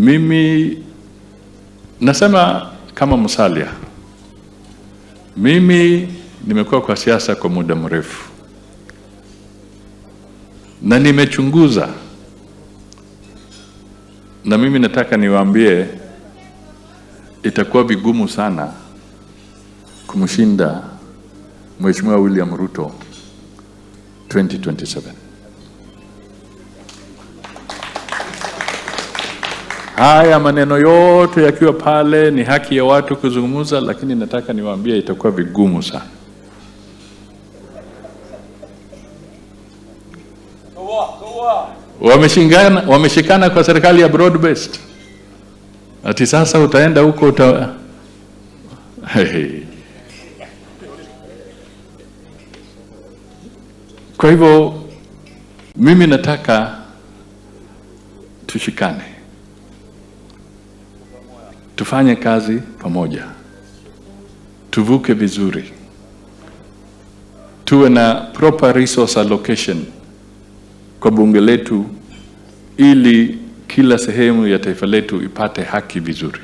Mimi nasema kama msalia, mimi nimekuwa kwa siasa kwa muda mrefu na nimechunguza, na mimi nataka niwaambie, itakuwa vigumu sana kumshinda Mheshimiwa William Ruto 2027. Haya maneno yote yakiwa pale, ni haki ya watu kuzungumza, lakini nataka niwaambie itakuwa vigumu sana. Wameshikana, wameshikana kwa serikali ya broad based, ati sasa utaenda huko uta... Kwa hivyo mimi nataka tushikane tufanye kazi pamoja, tuvuke vizuri, tuwe na proper resource allocation kwa bunge letu, ili kila sehemu ya taifa letu ipate haki vizuri.